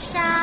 沙。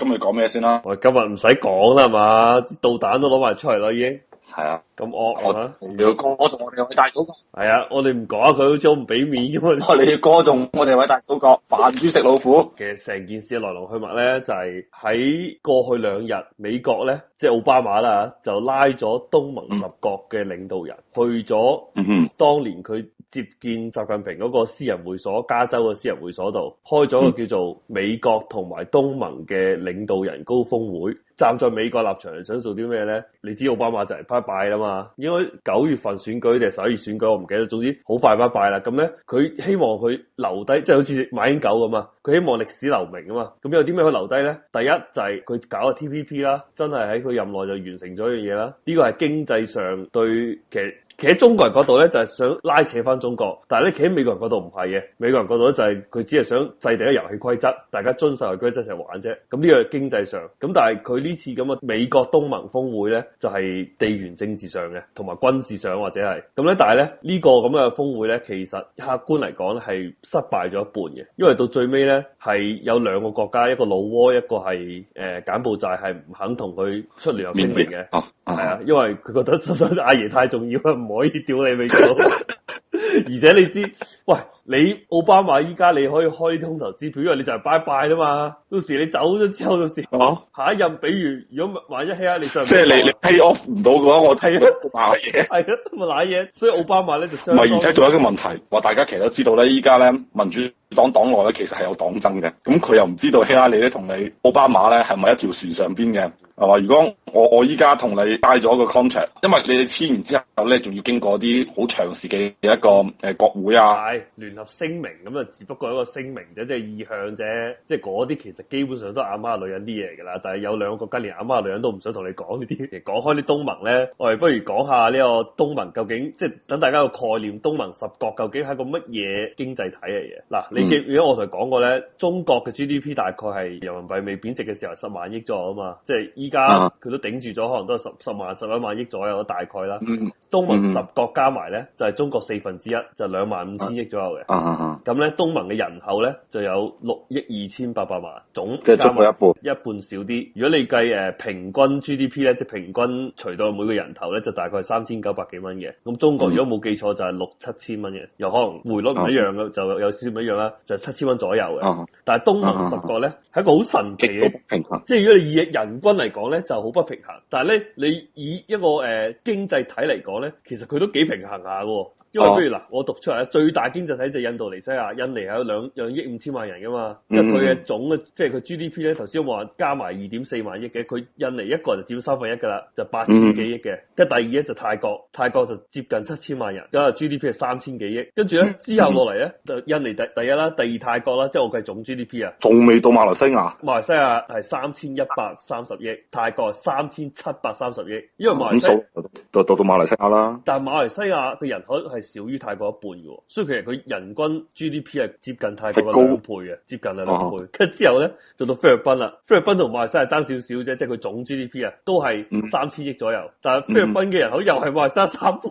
今日講咩先啦？我今日唔使講啦，係嘛，導彈都攞埋出嚟啦，已經係啊，咁惡我啊！你哥，我同我哋位大祖國係啊，我哋唔講啊，佢好似唔俾面咁啊！你哥仲我哋位大祖國扮豬食老虎。其實成件事嘅來龍去脈咧，就係、是、喺過去兩日，美國咧即係奧巴馬啦，就拉咗東盟十國嘅領導人去咗當年佢。接見習近平嗰個私人會所，加州嘅私人會所度開咗個叫做美國同埋東盟嘅領導人高峰會，站在美國立場想做啲咩咧？你知奧巴馬就係拜拜啦嘛，應該九月份選舉定十一月選舉，我唔記得，總之好快拜拜啦。咁咧，佢希望佢留低，即係好似馬英九咁啊，佢希望歷史留名啊嘛。咁有啲咩可以留低咧？第一就係佢搞個 T P P 啦，真係喺佢任內就完成咗一樣嘢啦。呢個係經濟上對其實企喺中國人嗰度咧，就係、是、想拉扯翻中國，但係咧企喺美國人嗰度唔係嘅。美國人嗰度咧就係、是、佢只係想制定一遊戲規則，大家遵守個規則一齊玩啫。咁呢個經濟上，咁但係佢呢次咁嘅美國東盟峰會咧，就係、是、地緣政治上嘅，同埋軍事上或者係咁咧。但係咧呢、這個咁嘅峰會咧，其實客觀嚟講係失敗咗一半嘅，因為到最尾咧係有兩個國家，一個老撾，一個係誒柬埔寨係唔肯同佢出聯合聲明嘅，係、嗯、啊，啊，因為佢覺得阿、啊、爺太重要啦。唔可以屌你未口， 而且你知，喂。你奧巴馬依家你可以開空頭支票，因為你就係拜拜啦嘛。到時你走咗之後，到時、啊、下一任比，比如如果萬一希拉里上，即係你你 pay off 唔到嘅話， 我砌嘢係啊，咪賴嘢。所以奧巴馬咧就唔係，而且仲有一個問題，話大家其實都知道咧，依家咧民主黨黨內咧其實係有黨爭嘅。咁佢又唔知道希拉里咧同你，你奧巴馬咧係咪一條船上邊嘅係嘛？如果我我依家同你帶咗個 contract，因為你哋簽完之後咧，仲要經過啲好長時嘅一個誒國會啊聯。有聲明咁啊，就只不過一個聲明啫，即係意向啫，即係嗰啲其實基本上都阿媽女人啲嘢㗎啦。但係有兩個國家連阿媽女人都唔想同你講呢啲。講開啲東盟咧，我哋不如講下呢個東盟究竟即係等大家個概念，東盟十國究竟係個乜嘢經濟體嚟嘅？嗱、嗯，你記，如果我就講過咧，中國嘅 GDP 大概係人民幣未貶值嘅時候十萬億左右啊嘛，即係依家佢都頂住咗，可能都係十十萬十一萬億左右，大概啦。嗯嗯、東盟十國加埋咧，就係、是、中國四分之一，就兩、是、萬五千億左右嘅。啊咁咧，東盟嘅人口咧就有六億二千八百萬，總即係中國一半，一半少啲。如果你計誒、呃、平均 GDP 咧，即係平均除到每個人頭咧，就大概三千九百幾蚊嘅。咁中國如果冇記錯就係六七千蚊嘅，又可能匯率唔一樣咯、嗯哼，就有少少唔一樣啦，就七千蚊左右嘅。嗯、哼但係東盟十個咧係一個好神奇嘅平衡，即係如果你以人均嚟講咧就好不平衡，但係咧你以一個誒、呃、經濟體嚟講咧，其實佢都幾平衡下嘅。因為譬如嗱，我讀出嚟啊，最大經濟體就印度尼西亞，印尼係有兩兩億五千萬人噶嘛，因為佢嘅總嘅、嗯、即係佢 GDP 咧，頭先我話加埋二點四萬億嘅，佢印尼一個人就佔三分一噶啦，就八千幾億嘅。跟住、嗯、第二咧就泰國，泰國就接近七千萬人，咁啊 GDP 係三千幾億。跟住咧之後落嚟咧，就、嗯、印尼第一第一啦，第二泰國啦，即係我計總 GDP 啊，仲未到馬來西亞。馬來西亞係三千一百三十億，泰國係三千七百三十億，因為馬來西亞。西數、嗯，到到到馬來西亞啦。但係馬來西亞嘅人口係，少於泰國一半嘅，所以其實佢人均 GDP 係接近泰國嘅兩倍嘅，高接近係兩倍。跟住之後咧，就到菲律賓啦。菲律賓同馬來西亞爭少少啫，即係佢總 GDP 啊、嗯，都係三千億左右。但係菲律賓嘅人口又係馬來西亞三倍，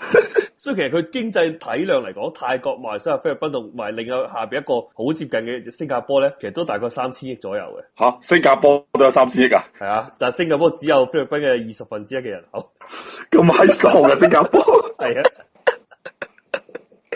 所以其實佢經濟體量嚟講，泰國、馬來西亞、菲律賓同埋另外下邊一個好接近嘅新加坡咧，其實都大概三千億左右嘅。吓、啊，新加坡都有三千億噶、啊，係啊，但係新加坡只有菲律賓嘅二十分之一嘅人口，咁閪傻嘅新加坡，係啊。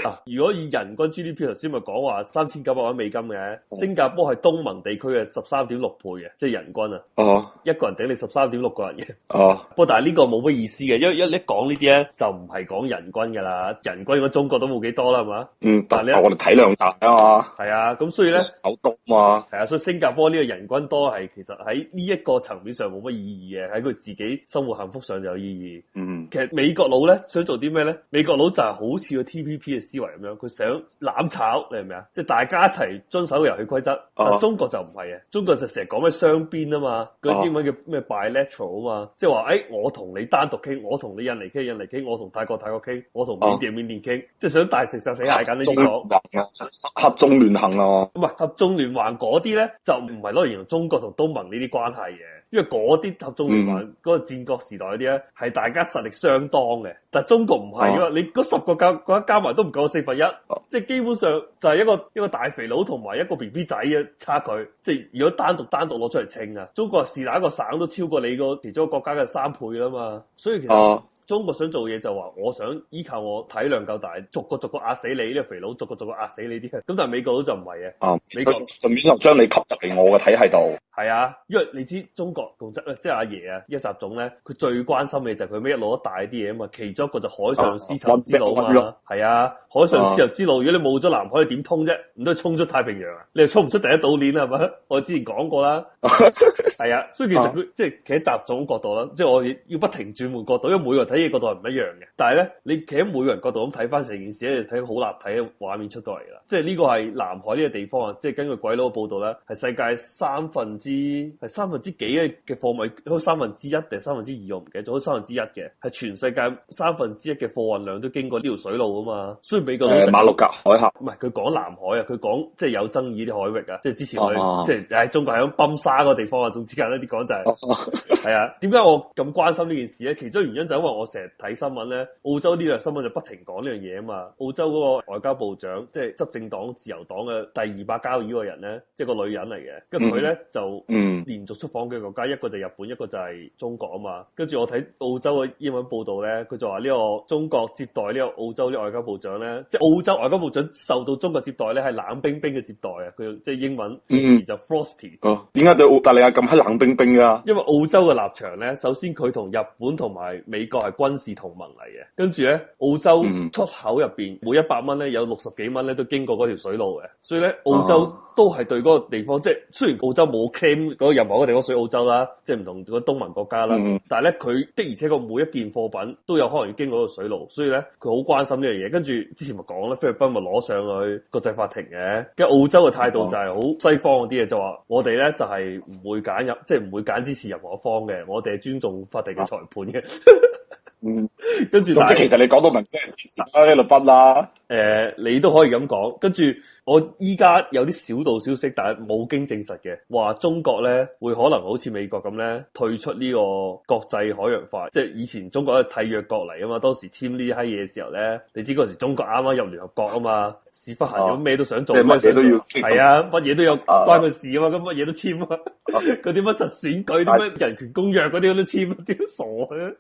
嗱、啊，如果以人均 GDP，頭先咪講話三千九百蚊美金嘅，哦、新加坡係東盟地區嘅十三點六倍嘅，即係人均啊，哦，一個人頂你十三點六個人嘅，哦，不過但係呢個冇乜意思嘅，因為一一你講呢啲咧就唔係講人均㗎啦，人均應該中國都冇幾多啦，係嘛？嗯，但係是我哋體量大啊嘛，係啊，咁所以咧，好多嘛，係啊，所以新加坡呢個人均多係其實喺呢一個層面上冇乜意義嘅，喺佢自己生活幸福上有意義，嗯，其實美國佬咧想做啲咩咧？美國佬就係好似個 TPP 嘅。以為咁樣，佢想攬炒你係咪啊？即係大家一齊遵守個遊戲規則，uh huh. 但中國就唔係嘅，中國就成日講咩雙邊啊嘛，嗰啲英文叫咩 bilateral 啊嘛，即係話誒，我同你單獨傾，我同你印尼傾，印尼傾，我同泰國泰國傾，我同緬甸緬甸傾，uh huh. 即係想大食就食蟹咁樣。合縱、啊、合縱連橫咯，唔係合縱連橫嗰啲咧就唔係咯，攞嚟中國同東盟呢啲關係嘅。因為嗰啲合縱連橫，嗰、嗯、個戰國時代嗰啲咧，係大家實力相當嘅，但係中國唔係啊，你嗰十個加，加加埋都唔夠四分一，啊、即係基本上就係一個一個大肥佬同埋一個 B B 仔嘅差距。即係如果單獨單獨攞出嚟稱啊，中國是哪一個省都超過你個其中一個國家嘅三倍啦嘛，所以其實。啊中國想做嘢就話，我想依靠我體量夠大，逐個逐個壓死你呢個肥佬，逐個逐個壓死你啲。咁但係美國都就唔係嘅，啊，美國就順便將、啊、國你吸入嚟我嘅體系度。係啊，因為你知中國共即係阿爺啊，一習總咧，佢最關心嘅就係佢咩一帶一路啲嘢啊嘛。其中一個就海上絲綢之路啊嘛，係啊，啊，海上絲綢之路，啊、如果你冇咗南海，你點通啫？唔通衝出太平洋啊？你又衝唔出第一島鏈啊？係咪？我之前講過啦，係 啊，所以其實佢、啊嗯、即係企喺習總角度啦，即係我哋要不停轉換角度，因為每個睇嘅角度係唔一樣嘅，但係咧，你企喺每個人角度咁睇翻成件事咧，就睇到好立體嘅畫面出到嚟啦。即係呢個係南海呢個地方啊，即係根據鬼佬嘅報道咧，係世界三分之係三分之幾嘅貨物，開三分之一定係三分之二，我唔記得咗，開三分之一嘅係全世界三分之一嘅貨運量都經過呢條水路啊嘛。所以美國、就是欸、馬六甲海峽唔係佢講南海啊，佢講即係有爭議啲海域、那個、啊，啊啊即係之前佢即係中國喺金沙個地方、就是、啊，總之簡單啲講就係啊。點、啊、解 我咁關心呢件事咧？其中原因就因為我。我成日睇新聞咧，澳洲呢個新聞就不停講呢樣嘢啊嘛。澳洲嗰個外交部長，即係執政黨自由黨嘅第二把交椅嘅人咧，即係個女人嚟嘅。跟住佢咧就連續出訪嘅國家，一個就日本，一個就係中國啊嘛。跟住我睇澳洲嘅英文報道咧，佢就話呢個中國接待呢個澳洲啲外交部長咧，即係澳洲外交部長受到中國接待咧係冷冰冰嘅接待、嗯、啊。佢即係英文就 frosty。哦，點解對澳大利亞咁係冷冰冰㗎？因為澳洲嘅立場咧，首先佢同日本同埋美國係。軍事同盟嚟嘅，跟住咧澳洲出口入面每一百蚊咧有六十幾蚊咧都經過嗰條水路嘅，所以咧澳洲都係對嗰個地方、uh huh. 即係雖然澳洲冇 claim 任何嗰地方屬於澳洲啦，即係唔同個東盟國家啦，uh huh. 但係咧佢的而且確每一件貨品都有可能要經過個水路，所以咧佢好關心呢樣嘢。跟住之前咪講啦，菲律賓咪攞上去國際法庭嘅，跟澳洲嘅態度就係好西方嗰啲嘢，就話我哋咧就係、是、唔會揀任即係唔會揀支持任何一方嘅，我哋係尊重法庭嘅裁判嘅。Uh huh. 嗯，跟住，即其實你講到文即係事實啦，菲律賓啦。誒，你都可以咁講。跟住，我依家有啲小道消息，但係冇經證實嘅，話中國咧會可能好似美國咁咧退出呢個國際海洋法。即係以前中國係締約國嚟啊嘛，當時簽呢啲嘢嘅時候咧，你知嗰時中國啱啱入聯合國啊嘛，屎忽痕咗咩都想做，都要係啊，乜嘢都有關佢事啊嘛，咁乜嘢都簽啊，嗰啲乜柒選舉，啲乜人權公約嗰啲都簽，啲傻嘅。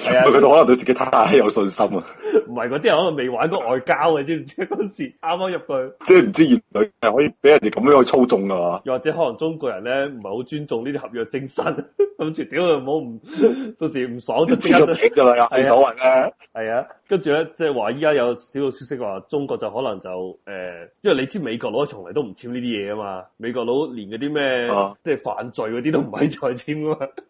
係啊，佢哋可能對自己太有信心啊！唔係嗰啲人可能未玩過外交嘅， 知唔知嗰 時啱啱入去，即係唔知，知原來係可以俾人哋咁樣去操縱噶嘛？又或者可能中國人咧唔係好尊重呢啲合約精神，跟住屌又冇唔到時唔爽就簽咗皮咋嘛？係刻 啊，係啊，跟住咧即係話依家有少少消息話中國就可能就誒、呃，因為你知美國佬從嚟都唔簽呢啲嘢啊嘛，美國佬連嗰啲咩即係犯罪嗰啲都唔係再簽噶嘛。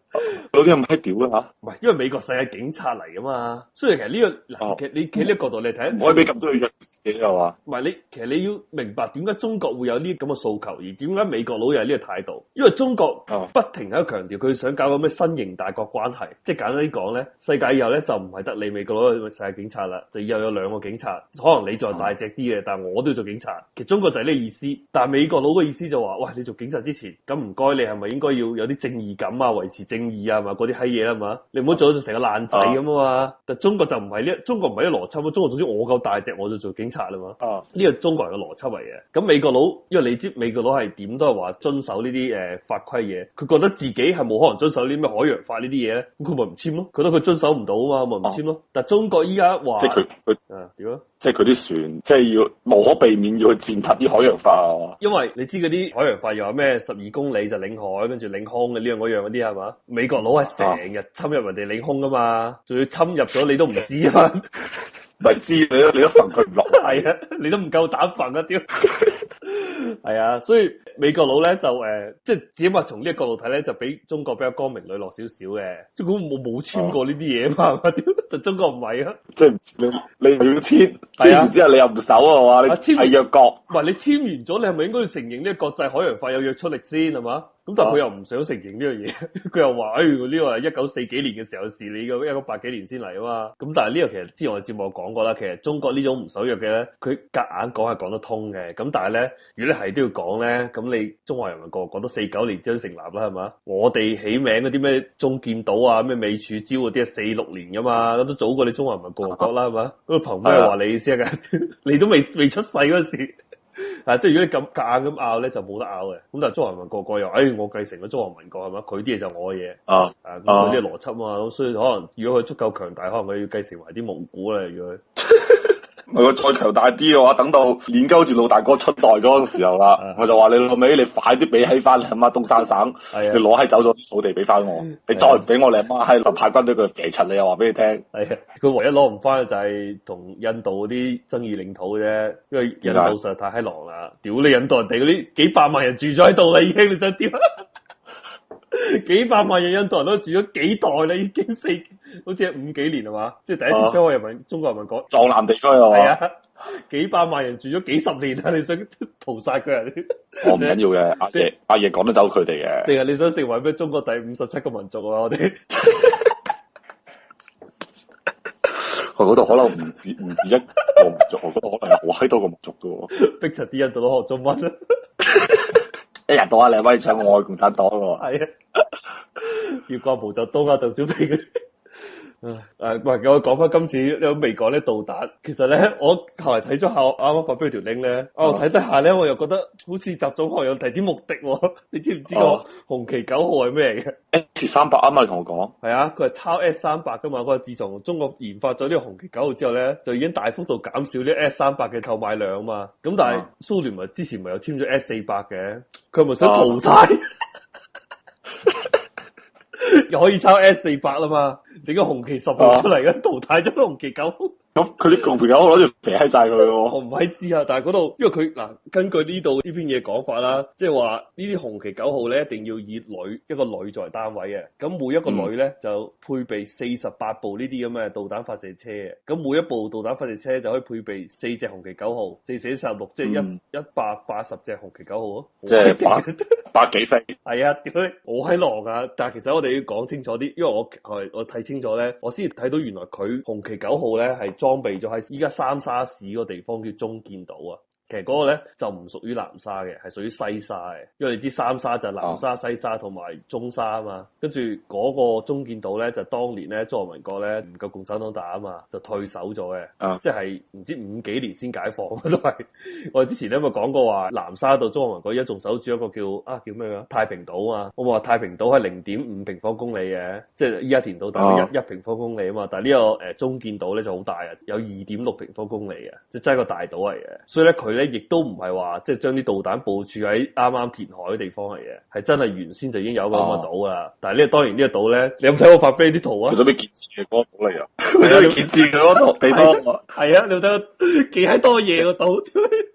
老啲咁閪屌啦吓，唔係因為美國世界警察嚟㗎嘛，雖然其實呢、這個嗱，啊、你企呢你個角度你睇，唔可以俾咁多嘅弱自己係嘛，唔係你其實你要明白點解中國會有呢啲咁嘅訴求，而點解美國佬又係呢個態度？因為中國不停喺度強調佢想搞個咩新型大國關係，即、就、係、是、簡單啲講咧，世界以後咧就唔係得你美國佬世界警察啦，就以後有兩個警察，可能你再大隻啲嘅，啊、但係我都要做警察，其實中國就係呢個意思，但係美國佬嘅意思就話、是，喂，你做警察之前，咁唔該你係咪應該要有啲正義感啊，維持正義感、啊。意啊嘛，嗰啲閪嘢啊嘛，你唔好做咗就成個爛仔咁啊嘛。但中國就唔係呢，中國唔係呢邏輯。中國總之我夠大隻，我就做警察啦嘛。啊，呢個中國人嘅邏輯嚟嘅。咁美國佬，因為你知美國佬係點都係話遵守呢啲誒法規嘢，佢覺得自己係冇可能遵守呢啲咩海洋法呢啲嘢咧，咁佢咪唔簽咯？佢覺得佢遵守唔到啊嘛，咪唔簽咯。啊、但中國依家話，即係佢佢啊，點啊？即係佢啲船，即係要無可避免要去踐踏啲海洋法啊！因為你知嗰啲海洋法又有咩？十二公里就領海，跟住領空嘅呢樣嗰樣嗰啲係嘛？美國佬係成日侵入人哋領空噶嘛？仲要侵入咗你都唔知啊！嘛！咪知你都你都瞓佢唔落低啊！你都唔夠膽瞓啊屌！係 啊，所以美國佬咧就誒、呃，即係只不過從呢個角度睇咧，就比中國比較光明磊落少少嘅。中國冇冇簽過呢啲嘢嘛？點？但中國唔係 啊，即係你你要簽，簽完之後你又唔守話啊。係嘛？你係約國，唔係你簽完咗，你係咪應該要承認呢個國際海洋法有約束力先係嘛？咁但係佢又唔想承認呢樣嘢，佢又話，誒、哎、呢、這個係一九四幾年嘅時候嘅事，是你一九八幾年先嚟啊嘛。咁但係呢個其實之前我哋節目講過啦，其實中國呢種唔守約嘅咧，佢隔硬講係講得通嘅。咁但係咧，如果你係都要講咧，咁你中華人民共和國，國都四九年先成立啦，係嘛？我哋起名嗰啲咩中建島啊、咩美楚礁嗰啲，四六年噶嘛，都早過你中華人民共和國啦，係嘛 吧？憑咩話你先嘅， 你都未未出世嗰時。啊！即係如果你咁硬咁拗咧，就冇得拗嘅。咁但係中華民國個又誒，我繼承咗中華民國係嘛？佢啲嘢就係我嘅嘢啊！啊，佢啲邏輯嘛，咁所以可能如果佢足夠強大，可能佢要繼承埋啲蒙古咧，如果。 我再強大啲嘅話，等到連鳩住老大哥出代嗰個時候啦， 我就話你老味，你快啲俾起翻你阿媽東三省，你攞起走咗啲土地俾翻我，你再唔俾我，媽媽你阿媽喺派軍隊佢嚟劫賊，你又話俾你聽。係佢唯一攞唔翻嘅就係同印度嗰啲爭議領土啫，因為印度實在太閪狼啦，屌你印度人哋嗰啲幾百萬人住咗喺度啦已經，你想點？幾百萬人印度人都住咗幾代啦，已經四，好似係五幾年係嘛？即係第一次收我人民，啊、中國人民講藏南地區係嘛？啊、哎，幾百萬人住咗幾十年啊！你想屠殺佢人？我唔緊要嘅，阿爺、哎、阿爺趕得走佢哋嘅。定係你想成為咩？中國第五十七個民族啊？我哋，佢嗰度可能唔止唔止一個民族，我嗰度可能有好閪多個民族噶喎。逼親啲印度佬學中文啊！ 一日、哎、到黑，你威搶我共產黨喎！係啊，越過毛澤東啊，鄧小平嗰啲 誒，誒、啊，唔我講翻今次呢未講咧導彈。其實咧，我後來睇咗下，啱啱發俾條 link 咧，哦、啊，睇得下咧，我又覺得好似集中可能有提啲目的。你知唔知個紅旗九號係咩嚟嘅 S 三百啱啱同我講，係啊，佢係抄 S 三百噶嘛。佢話自從中國研發咗呢個紅旗九號之後咧，就已經大幅度減少呢 S 三百嘅購買量啊嘛。咁但係蘇聯咪之前咪有簽咗 S 四百嘅，佢係咪想淘汰？竟 又可以抄 S 四百啦嘛，整個紅旗十號出嚟，淘汰咗紅旗九號。咁佢啲紅旗九號攞住劈晒佢咯，我唔係知啊，但係嗰度因為佢嗱，根據呢度呢篇嘢講法啦，即係話呢啲紅旗九號咧一定要以旅一個旅作為單位嘅，咁每一個旅咧、嗯、就配備四十八部呢啲咁嘅導彈發射車嘅，咁每一部導彈發射車就可以配備四隻紅旗九號，四四十六，即係一一百八十隻紅旗九號咯，即係百一百幾飛，係 啊，屌你，我喺度噶，但係其實我哋要講清楚啲，因為我我睇清楚咧，我先睇到原來佢紅旗九號咧係。裝備就喺依家三沙市嗰個地方，叫中建島啊。其實嗰個咧就唔屬於南沙嘅，係屬於西沙嘅。因為你知三沙就係南沙、uh. 西沙同埋中沙啊嘛。跟住嗰個中建島咧，就當年咧，中華民國咧唔夠共產黨打啊嘛，就退守咗嘅。啊，uh. 即係唔知五幾年先解放都係。 我哋之前咧咪講過話南沙到中華民國一仲守住一個叫啊叫咩啊太平島啊。我話太平島係零點五平方公里嘅，即係依家填島大概一一平方公里啊嘛。但係呢個誒中建島咧就好大啊，有二點六平方公里嘅，即係真係個大島嚟嘅。所以咧佢亦都唔係話即係將啲導彈部署喺啱啱填海嘅地方嚟嘅，係真係原先就已經有一個島噶。但係呢、這個當然個島呢個島咧，你有冇睇我發俾啲圖啊？準備建設嘅港口嚟啊！佢都要建設嘅嗰個地方，係啊！你睇見喺多嘢個島。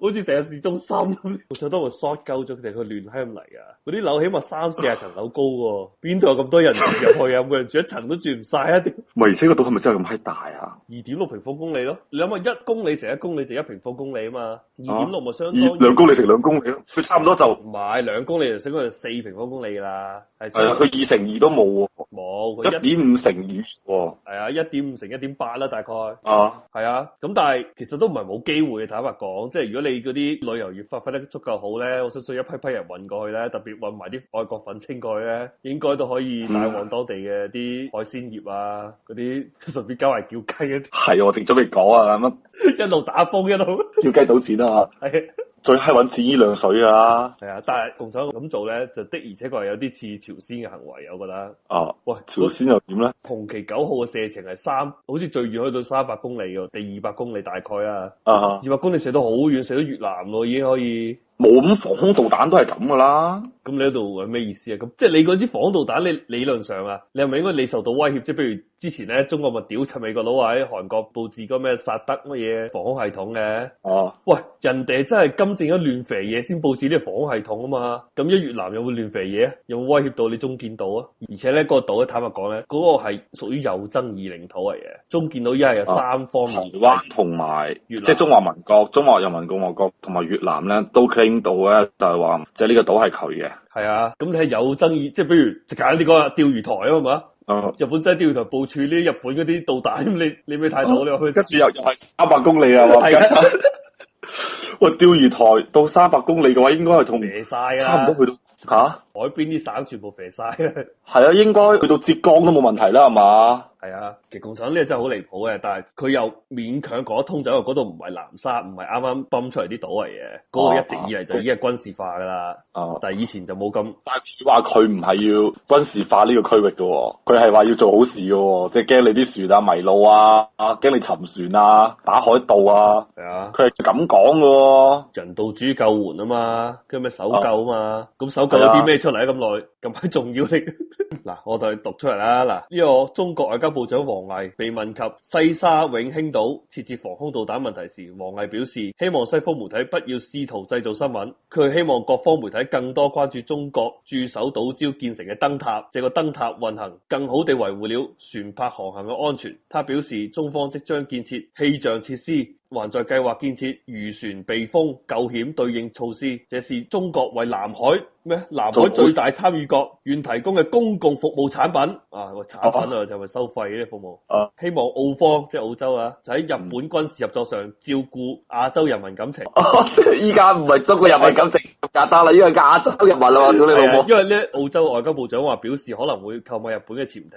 好似成日市中心，唔錯，多咪 short 夠咗佢哋個亂香嚟啊！嗰啲樓起碼三四十層樓高喎，邊度有咁多人住入去啊？ 每人住一層都住唔晒一啲。唔係，而且個島係咪真係咁閪大啊？二點六平方公里咯，你諗下一公里乘一公里就一平方公里啊嘛，二點六咪相當兩公里乘兩公里咯，佢差唔多就唔係兩公里就升當四平方公里啦，係啊，佢二乘二都冇喎，冇佢一點五乘二喎，係啊，一點五乘一點八啦，大概啊，係啊，咁但係其實都唔係冇機會嘅，坦白講。即係如果你嗰啲旅遊業發揮得足夠好咧，我相信一批批人運過去咧，特別運埋啲愛國粉青過去咧，應該都可以帶旺當地嘅啲海鮮業啊，嗰啲順便交埋叫雞啊。係啊，我正準備講啊，咁 一路打風一路 叫雞賭錢啊嘛。 最閪揾錢依兩水噶啦，啊！嗯、但係共產黨咁做咧，就的而且確係有啲似朝鮮嘅行為，我覺得啊，喂，朝鮮又點咧？紅旗九號嘅射程係三，好似最遠去到三百公里喎，第二百公里大概啊，二百、啊、哈公里射到好遠，射到越南喎，已經可以。冇咁防空導彈都係咁噶啦，咁你喺度有咩意思啊？咁即係你嗰支防空導彈，你理論上啊，你係咪應該你受到威脅？即係譬如之前咧，中國咪屌柒美國佬喺韓國布置個咩薩德乜嘢防空系統嘅？哦、啊，喂，人哋真係金正恩亂肥嘢先布置啲防空系統啊嘛！咁一越南有冇亂肥嘢，有冇威脅到你中建島啊？而且咧，個島咧，坦白講咧，嗰、嗰個係屬於有爭議領土嚟嘅。中建島依家係有三方面嘅、台灣，同埋、啊、南即係中華民國、中華人民共和國同埋越南咧都。冰島咧就係話，即係呢個島係佢嘅。係啊，咁你係有爭議，即係比如揀呢個釣魚台啊嘛。是是嗯，日本真釣魚台部署呢啲日本嗰啲導彈，咁你你咩態度？你話佢跟住又又係三百公里啊？ 喂，釣魚台到三百公里嘅話，應該係同晒啊，差唔多去到吓？啊、海邊啲省全部啡晒啦。係啊，應該去到浙江都冇問題啦，係嘛？係啊，其實共產黨呢個真係好離譜嘅，但係佢又勉強講得通，就係嗰度唔係南沙，唔係啱啱泵出嚟啲島嚟嘅，嗰度、啊、一直以嚟就已經係軍事化噶啦。哦、啊，但係以前就冇咁。但係話佢唔係要軍事化呢個區域噶，佢係話要做好事噶，即係驚你啲船啊迷路啊，驚你沉船啊，打海盜啊。係啊，佢係咁講噶。人道主救援啊嘛，佢咪搜救啊嘛，咁搜、哦、救咗啲咩出嚟咁耐咁快，啊、重要啲。嗱， 我就係讀出嚟啦。嗱，呢、這個中國外交部長王毅被問及西沙永興島設置防空導彈問題時，王毅表示希望西方媒體不要試圖製造新聞。佢希望各方媒體更多關注中國駐守島礁建成嘅燈塔，這個燈塔運行更好地維護了船舶航行嘅安全。他表示，中方即將建設氣象設施。還在計劃建設漁船避風、救險對應措施，這是中國為南海。咩？南海最大參與國願提供嘅公共服務產品啊，產、哎、品啊，就係收費嘅服務。啊、希望澳方即係、就是、澳洲啊，就喺日本軍事合作上照顧亞洲人民感情。即依家唔係中國人民感情咁簡單啦， 因為亞洲人民啊嘛，你老母。因為呢澳洲外交部長話表示可能會購買日本嘅潛艇。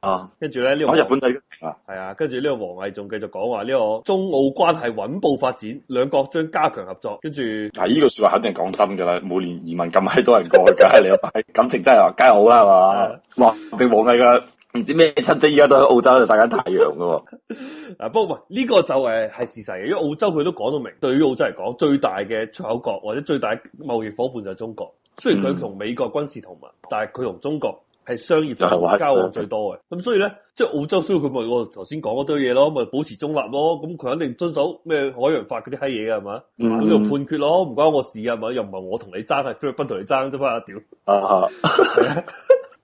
啊，跟住咧呢、呢個日本仔啊，係啊，跟住呢個王毅仲繼續講話呢個中澳關係穩步發展，兩國將加強合作。跟住係呢句説話肯定係講真㗎啦，每年移民咁閪多。人梗係你阿感情真係話梗係好啦，係嘛？哇！你冇計噶，唔知咩親戚依家都喺澳洲度曬緊太陽噶。嗱、 啊，不過唔呢、這個就誒、是、係事實嘅，因為澳洲佢都講到明，對於澳洲嚟講，最大嘅出口國或者最大貿易伙伴就係中國。雖然佢同美國軍事同盟，嗯、但係佢同中國，係商業交往最多嘅，咁、嗯、所以咧，即係澳洲需要佢咪我頭先講嗰堆嘢咯，咪、就是、保持中立咯，咁佢肯定遵守咩海洋法嗰啲閪嘢嘅係嘛？咁就、嗯、判決咯，唔關我事嘅，係嘛？又唔係我同你爭，係菲律賓同你爭啫嘛，屌！啊！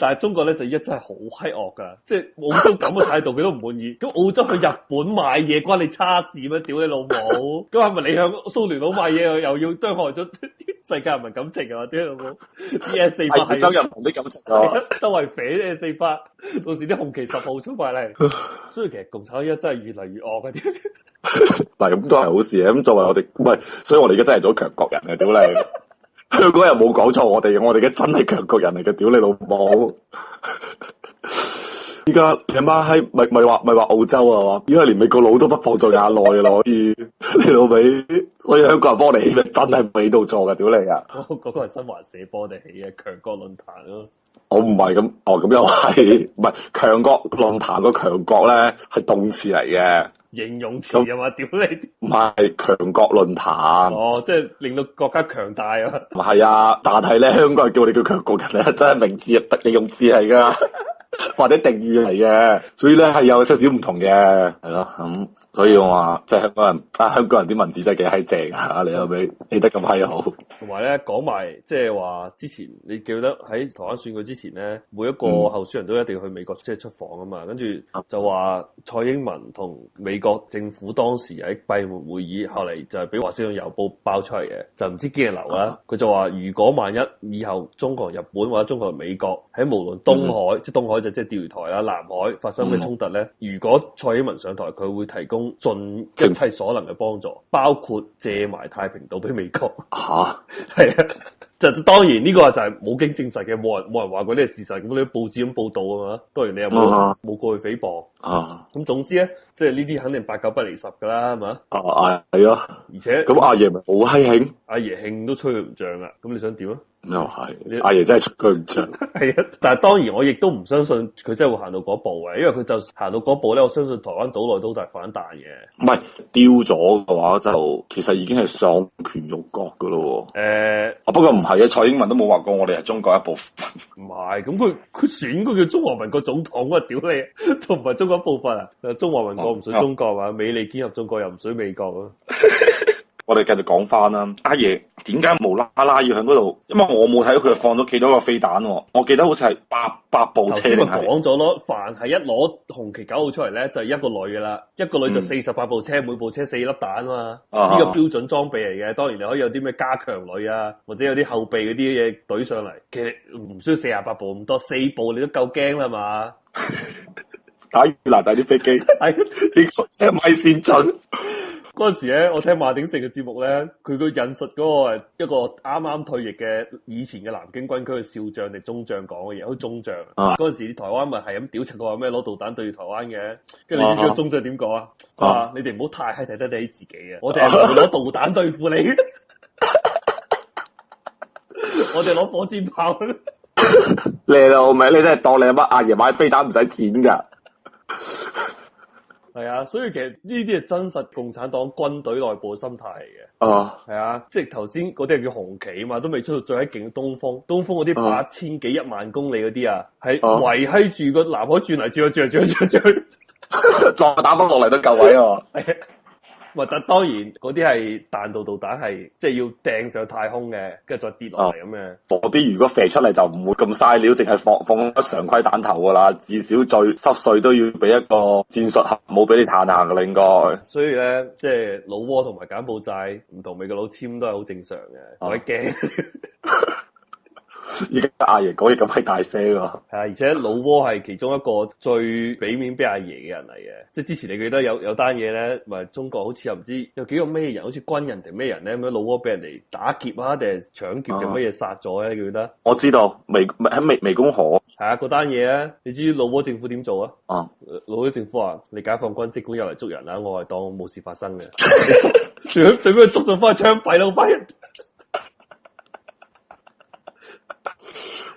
但係中國咧就而家真係好閪惡噶，即係澳洲咁嘅態度，佢都唔滿意。咁 澳洲去日本買嘢關你叉事咩？屌你老母！咁係咪你向蘇聯佬買嘢又要傷害咗 世界人民感情啊？屌你老母！E S 四八係神州啲感情啊，周圍肥 E S 四八，到時啲紅旗十號出埋嚟。所以其實共產而家真係越嚟越惡嘅。 但係咁都係好事嘅。咁作為我哋，唔係，所以我哋而家真係做強國人啊！屌你。 香港人冇講錯我哋，我哋嘅真係強國人嚟嘅，屌你老母！依 家你媽喺，咪咪話咪話澳洲啊嘛，依家連美國佬都不放在眼內啦，可以，你老味，所以香港人幫你起咪真係未到做噶，屌你 啊！嗰個係新華社幫我哋起嘅強國論壇咯。我唔係咁，哦咁又係，唔係強國論壇個強國咧係動詞嚟嘅。形容詞又話屌你！唔 係強國論壇，哦，即係令到國家強大啊！唔 係啊，但係咧，香港人叫我哋叫強國人咧，真係名字入得，形容詞嚟㗎。 或者定義嚟嘅，所以咧係有少少唔同嘅，係咯咁，所以我話即係香港人啊，香港人啲文字真係幾閪正啊！你又俾寫得咁閪好，同埋咧講埋即係話之前，你記得喺台灣選舉之前咧，每一個候選人都一定要去美國即係出訪啊、就是、嘛，跟住就話蔡英文同美國政府當時喺閉門會,會議，後嚟就係俾《華盛頓郵報》爆出嚟嘅，就唔知幾日流啦。佢、嗯、就話如果萬一以後中國同日本或者中國同美國喺無論東海嗯嗯即係東海、就是即係釣魚台啊，南海發生嘅衝突咧，嗯、如果蔡英文上台，佢會提供盡一切所能嘅幫助，包括借埋太平島俾美國。吓，係啊，就 當然呢個就係冇經證實嘅，冇人冇人話過呢個事實，咁你報紙咁報道啊嘛。當然你又冇冇、啊、過去誹謗啊。咁總之咧，即係呢啲肯定八九不離十噶啦，係嘛。啊係啊，哎、而且咁阿爺咪好閪興，阿爺興都吹佢唔脹啊，咁你想點啊？又係，阿爺你、啊、真係出佢唔出。係 啊,但係當然我亦都唔相信佢真係會行到嗰步嘅，因為佢就行到嗰步咧，我相信台灣島內都大反彈嘅。唔係丟咗嘅話就，就其實已經係喪權辱國噶咯。誒、欸，不過唔係啊，蔡英文都冇話過我哋係中國一部分。唔係，咁佢佢選個叫中華民國總統啊，屌你，同埋中國一部分啊？中華民國唔屬中國啊、嗯、美利堅合眾國又唔屬美國啊？ 我哋繼續講翻啦，阿爺點解無啦啦要喺嗰度？因為我冇睇到佢放咗幾多個飛彈，我記得好似係八八部車。頭先講咗咯，凡係一攞紅旗九號出嚟咧，就係、一個女噶啦，一個女就四十八部車，嗯、每部車四粒彈啊嘛，呢個、啊、哈標準裝備嚟嘅。當然你可以有啲咩加強女啊，或者有啲後備嗰啲嘢懟上嚟，其實唔需要四十八部咁多，四部你都夠驚啦嘛， 打越南仔啲飛機，一 米線進。嗰陣時咧，我聽馬鼎盛嘅節目咧，佢都引述嗰個一個啱啱退役嘅以前嘅南京軍區嘅少將定中將講嘅嘢，好中將。嗰陣、啊、時台灣咪係咁屌柒佢，話咩攞導彈對住台灣嘅，跟住你知唔知中將點講啊？啊，你哋唔好太係睇得你自己啊！我哋係攞導彈對付你，啊、 我哋攞火箭炮。 你老味，你真係當你媽媽阿媽阿爺買飛彈唔使錢噶。係啊，所以其實呢啲係真實共產黨軍隊內部心態嚟嘅。哦、啊，係啊，即係頭先嗰啲叫紅旗嘛，都未出到最勁東方，東方嗰啲八千幾一萬公里嗰啲啊，係圍住個南海轉嚟轉去轉去轉去轉去，再 打翻落嚟都夠位哦、啊。咪就當然嗰啲係彈道導彈係，即係要掟上太空嘅，跟住再跌落嚟咁樣。嗰啲如果飛出嚟就唔會咁嘥料，淨係放放常規彈頭㗎啦。至少最濕碎都要俾一個戰術核武俾你彈下嘅應該。嗯、所以咧，即係老撾同埋柬埔寨唔同美國佬簽都係好正常嘅，我哋驚。 而家阿爺講嘢咁係大聲啊！係啊，而且老撾係其中一個最俾面俾阿爺嘅人嚟嘅，即係之前你記得有有單嘢咧，唔係中國好似又唔知有幾個咩人，好似軍人定咩人咧咁樣老撾俾人嚟打劫啊，定係搶劫定乜嘢殺咗咧？你記、啊、得我知道，湄喺湄湄公河係啊，嗰單嘢咧，你知老撾政府點做啊？哦，老撾政府話，你解放軍即管入嚟捉人啦，我係當冇事發生嘅，仲要做咩捉咗翻槍斃老鬼？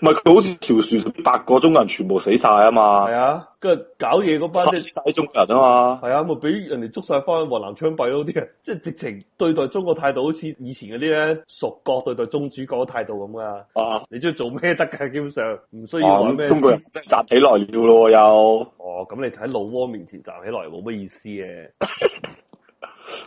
唔係佢好似條船，八個中國人全部死晒啊嘛！係啊，跟住搞嘢嗰班即係死中國人啊嘛！係啊，咪俾人哋捉晒翻去雲南槍斃咯啲人，即係直情對待中國態度，好似以前嗰啲咧，屬國對待宗主國態度咁噶。啊！你中意做咩得噶？基本上唔需要攞咩、啊。中國人即係站起來要咯又。哦，咁你睇老撾面前站起來冇乜意思嘅。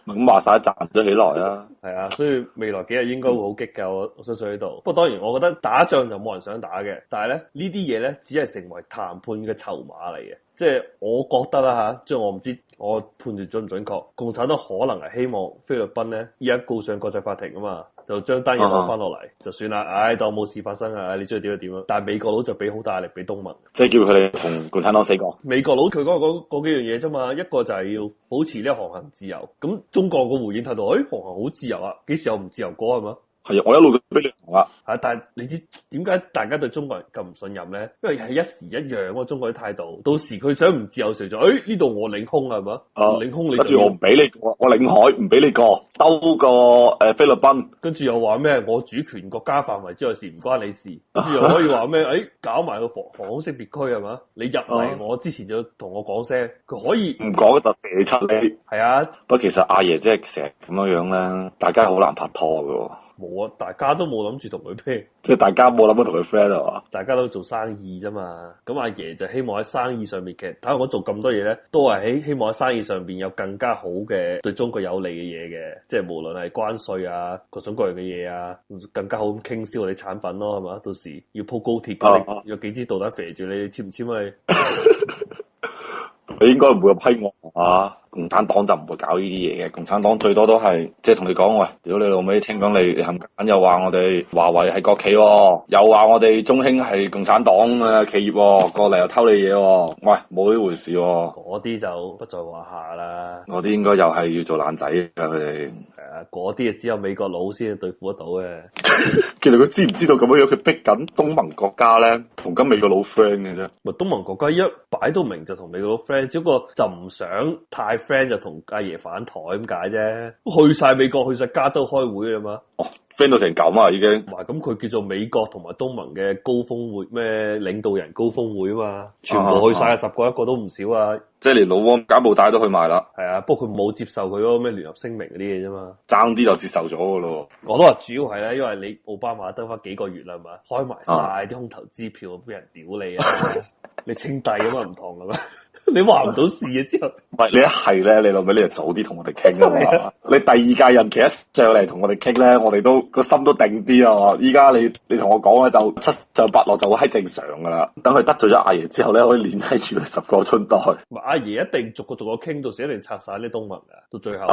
咁話晒賺咗幾耐啦，係啊，所以未來幾日應該會好激噶，我我相信呢度。不過當然，我覺得打仗就冇人想打嘅，但係咧呢啲嘢咧，只係成為談判嘅籌碼嚟嘅。即係我覺得啦嚇、啊，即係我唔知我判斷準唔準確，共產黨可能係希望菲律賓咧依家告上國際法庭啊嘛，就將單嘢攞翻落嚟就算啦，唉、哎、當冇事發生啊、哎，你中意點就點咯。但係美國佬就俾好大壓力俾東盟，即係叫佢哋同共產黨死過。美國佬佢嗰個嗰幾樣嘢啫嘛，一個就係要保持呢個航行自由。咁中國個回應態度，哎航行好自由啊，幾時又唔自由過係嘛？係啊，我一路都俾你同啊。嚇，但係你知點解大家對中國人咁唔信任咧？因為係一時一樣啊，中國嘅態度。到時佢想唔自由就，成咗誒呢度我領空啊，係咪啊？領空你，跟住我唔俾你我領海唔俾你過，兜個誒菲律賓，跟住又話咩？我主權國家範圍之內事唔關你事，跟住又可以話咩？誒、哎、搞埋個防空識別區係咪你入嚟我、啊、之前就同我講聲，佢可以唔講就射出嚟。係啊，不過其實阿爺即係成日咁樣樣咧，大家好難拍拖嘅喎。冇啊！大家都冇諗住同佢拼，即係大家冇諗到同佢 friend 啊嘛？大家都做生意啫嘛。咁阿爺就希望喺生意上面其實，睇我做咁多嘢咧，都係喺希望喺生意上邊有更加好嘅、對中國有利嘅嘢嘅。即係無論係關稅啊，各種各樣嘅嘢啊，更加好咁傾銷我哋產品咯，係嘛？到時要鋪高鐵，啊啊有幾支導彈射住你，你簽唔簽咪？ 你應該唔會批我啊！共產黨就唔會搞呢啲嘢嘅，共產黨最多都係即係同你講喂，屌你老味，聽講你近又話我哋華為係國企喎、哦，又話我哋中興係共產黨嘅企業喎、哦，過嚟又偷你嘢喎、哦，喂冇呢回事喎、哦，嗰啲就不在話下啦，嗰啲應該又係要做爛仔啊佢哋，係啊，嗰啲啊只有美國佬先去對付得到嘅， 其實佢知唔知道咁樣樣佢逼緊東盟國家咧同緊美國佬 friend 嘅啫，咪東盟國家一擺到明就同美國佬 friend，只不過就唔想太 friend 就同阿爺反台咁解啫，去晒美國，去晒加州開會啊嘛。哦，friend 到成咁啊，已經。唔係，咁佢叫做美國同埋東盟嘅高峰會咩領導人高峰會啊嘛，全部去晒，十個，ah, 一個都唔少啊。即係連老汪柬埔寨都去埋啦。係啊，不過佢冇接受佢咯，咩聯合聲明嗰啲嘢啫嘛。爭啲就接受咗噶咯。我都話主要係咧，因為你奧巴馬得翻幾個月啦，係嘛，開埋晒啲空頭支票俾人屌你啊， 你稱帝咁啊唔同噶嘛。 你話唔到事嘅之後唔係你一係咧，你老下，你就早啲同我哋傾啦。是啊、你第二屆任期一上嚟同我哋傾咧，我哋都個心都定啲啊！依家你你同我講咧，就七上八落就係正常噶啦。等佢得罪咗阿爺之後咧，可以鏈係住佢十個春袋。阿爺、啊、一定逐個逐個傾到時，一定拆晒啲東物啊！到最後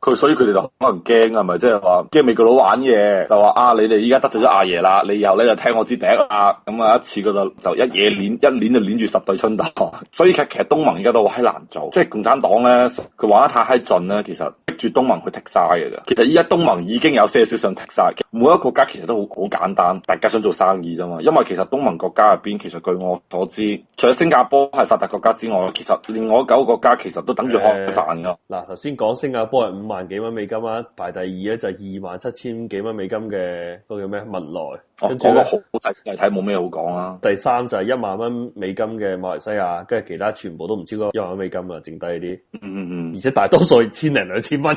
佢、啊、所以佢哋就可能驚啊，係咪即係話驚未夠到玩嘢？就話、是、啊，你哋依家得罪咗阿爺啦，你以後咧就聽我支笛啊。咁、嗯、啊，一次佢就就一嘢鏈一鏈就鏈住十對春袋， 所以佢其東盟而家都話係難做，即係共產黨咧，佢玩得太閪盡啦。其實逼住東盟去踢晒嘅啫。其實依家東盟已經有些少想踢晒嘅。每一個國家其實都好好簡單，大家想做生意咋嘛？因為其實東盟國家入邊，其實據我所知，除咗新加坡係發達國家之外，其實另外九個國家其實都等住開飯噶。嗱、欸，頭先講新加坡係五萬幾蚊美金啦，排第二咧就係二萬七千幾蚊美金嘅嗰、嗰個叫咩？文萊。跟住嗰個好細，就係睇，冇咩好講啊。第三就係一萬蚊美金嘅馬來西亞，跟住其他全部都唔超過一萬蚊美金啊，剩低啲。嗯嗯嗯，而且大多數千零兩千蚊，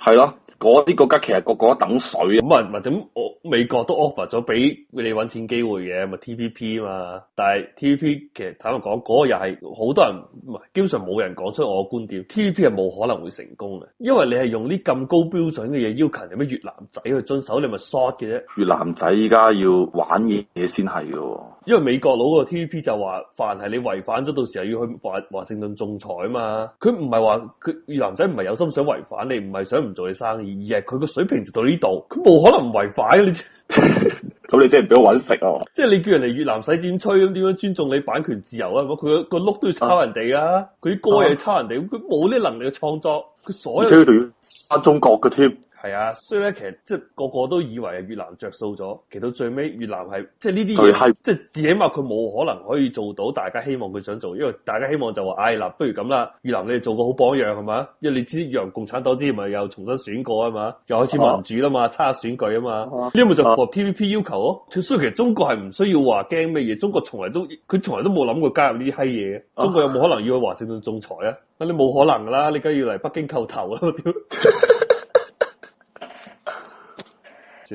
係 咯，嗰啲國家其實個個等水啊，咁啊，咁我。.美國都 offer 咗俾你揾錢機會嘅，咪、就是、TPP 嘛？但係 TPP 其實坦白講，嗰、那個又係好多人，唔係基本上冇人講出我嘅觀點。TPP 係冇可能會成功嘅，因為你係用呢咁高標準嘅嘢要求，有咩越南仔去遵守？你咪 short 嘅啫。越南仔而家要玩嘢嘢先係嘅，因為美國佬個 TPP 就話，凡係你違反咗，到時係要去華盛頓仲裁啊嘛。佢唔係話佢越南仔唔係有心想違反你，唔係想唔做你生意，而係佢個水平就到呢度，佢冇可能唔違反、啊。咁 你真係唔俾我搵食啊！ 即係你叫人嚟越南洗剪吹咁，點樣尊重你版權自由啊？咁佢個碌都要抄人哋啊！佢啲歌又抄人哋，咁佢冇呢能力去創作，佢所有而且要翻中國嘅添。係啊，所以咧，其實即係個個都以為越南着數咗，其實到最尾越南係即係呢啲嘢，即係最起碼佢冇可能可以做到大家希望佢想做，因為大家希望就話唉，嗱、哎，不如咁啦，越南你哋做個好榜樣係嘛，因為你知道越共產黨之前咪又重新選過啊嘛，又開始民主啦嘛，差選舉啊嘛，呢個、啊、咪就符合 TVP 要求咯、哦。所以其實中國係唔需要話驚咩嘢，中國從來都佢從來都冇諗過加入呢啲閪嘢，中國有冇可能要去華盛頓仲裁啊？啊你冇可能噶啦，你梗要嚟北京叩頭啊。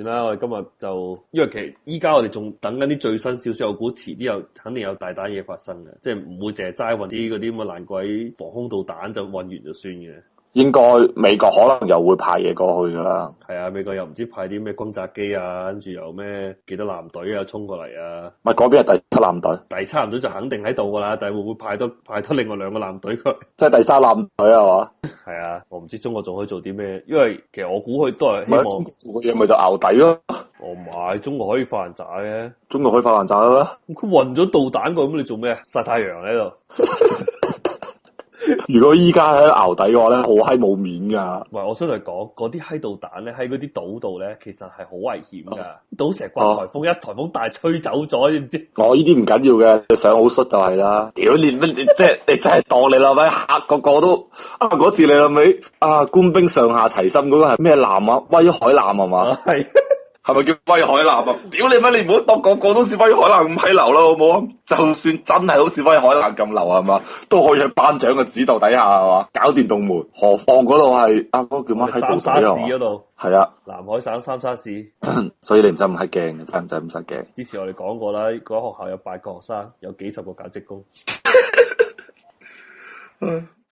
算啦，我哋今日就，因為其實而家我哋仲等緊啲最新少少，我估遲啲又肯定有大單嘢發生嘅，即係唔會淨係齋運啲嗰啲咁嘅爛鬼防空導彈就運完就算嘅。應該美國可能又會派嘢過去噶啦，係啊，美國又唔知派啲咩轟炸機啊，跟住又咩幾多艦隊啊衝過嚟啊，咪嗰邊係第七艦隊，第七艦隊就肯定喺度噶啦，但係會唔會派多派多另外兩個艦隊佢，即係第三艦隊係嘛？係啊，我唔知中國仲可以做啲咩，因為其實我估佢都係希望，中國嘅嘢咪就拗底咯、啊。我唔係，中國可以發爛渣嘅，中國可以發爛渣啦。佢混咗導彈過咁，你做咩晒太陽喺度？ 如果依家喺淆底嘅話咧，好閪冇面噶。喂我想嚟講，嗰啲喺度彈咧喺嗰啲島度咧，其實係好危險噶。島、哦、成日刮台風，哦、一台風大吹走咗，知唔知？我呢啲唔緊要嘅，你上、哦、好摔就係、是、啦。屌， 你，乜即係你真係當你啦咪吓，個個都啊嗰次你諗起啊官兵上下齊心嗰個係咩男啊？威海南係嘛？是 係咪叫威海南啊？屌你媽！你唔好當個個都似威海南咁起流啦，好唔好？就算真係好似威海南咁流，係嘛都可以喺班長嘅指導底下，係嘛搞電動門。何況嗰度係阿哥叫乜喺部隊啊？三沙市嗰度係啊，南海省三沙市。 所以你唔使咁驚嘅，真係唔使咁驚。之前我哋講過啦，嗰間學校有八個學生，有幾十個兼職工。